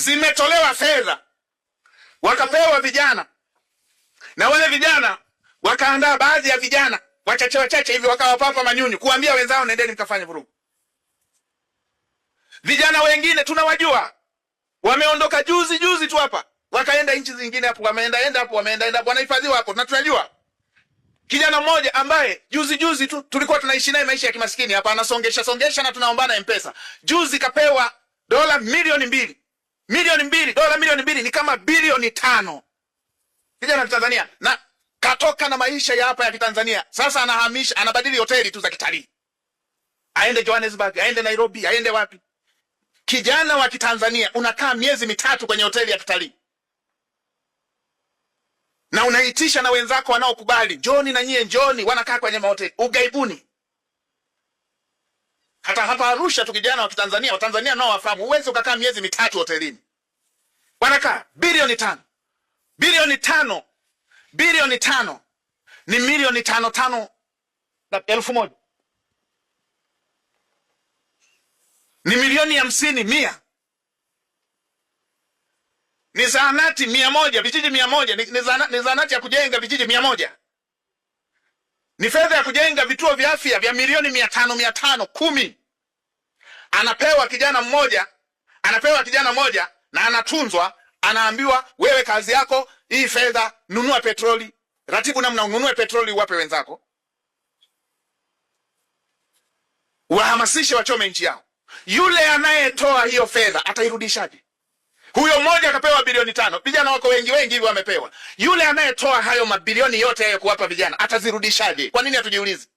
zimetolewa fedha, wakapewa vijana na wale vijana wakaandaa baadhi ya vijana wachache wachache hivi wakawapapa manyunyu kuambia wenzao, nendeni mkafanye vurugu. Vijana wengine tunawajua wameondoka juzi juzi tu hapa wakaenda nchi zingine hapo, wameenda enda hapo, wameenda enda hapo, wanahifadhiwa hapo, na tunajua kijana mmoja ambaye juzi juzi tu tulikuwa tunaishi naye maisha ya kimaskini hapa, anasongesha songesha na tunaombana Mpesa, juzi kapewa dola milioni mbili milioni mbili, dola milioni mbili ni kama bilioni tano kijana Tanzania na katoka na maisha ya hapa ya Kitanzania. Sasa anahamisha, anabadili hoteli tu za kitalii, aende Johannesburg, aende Nairobi, aende wapi. Kijana wa Kitanzania unakaa miezi mitatu kwenye hoteli ya kitalii na unaitisha na wenzako wanaokubali, njoni na nyie njoni, wanakaa kwenye mahoteli ugaibuni hata hapa Arusha tu kijana wa Kitanzania, Watanzania nao wafahamu, huwezi ukakaa miezi mitatu hotelini. Wanakaa bilioni tano, bilioni tano, bilioni tano ni milioni tano tano na elfu moja ni milioni hamsini mia ni zahanati mia moja vijiji mia moja ni zahanati ya kujenga vijiji mia moja ni fedha ya kujenga vituo vya afya vya milioni mia tano mia tano kumi anapewa kijana mmoja, anapewa kijana mmoja na anatunzwa, anaambiwa wewe, kazi yako hii fedha, nunua petroli, ratibu namna ununue petroli uwape wenzako, wahamasishe wachome nchi yao. Yule anayetoa hiyo fedha atairudishaje? Huyo mmoja akapewa bilioni tano. Vijana wako wengi wengi hivyo wamepewa. Yule anayetoa hayo mabilioni yote yayo kuwapa vijana atazirudishaje? Kwa nini hatujiulizi?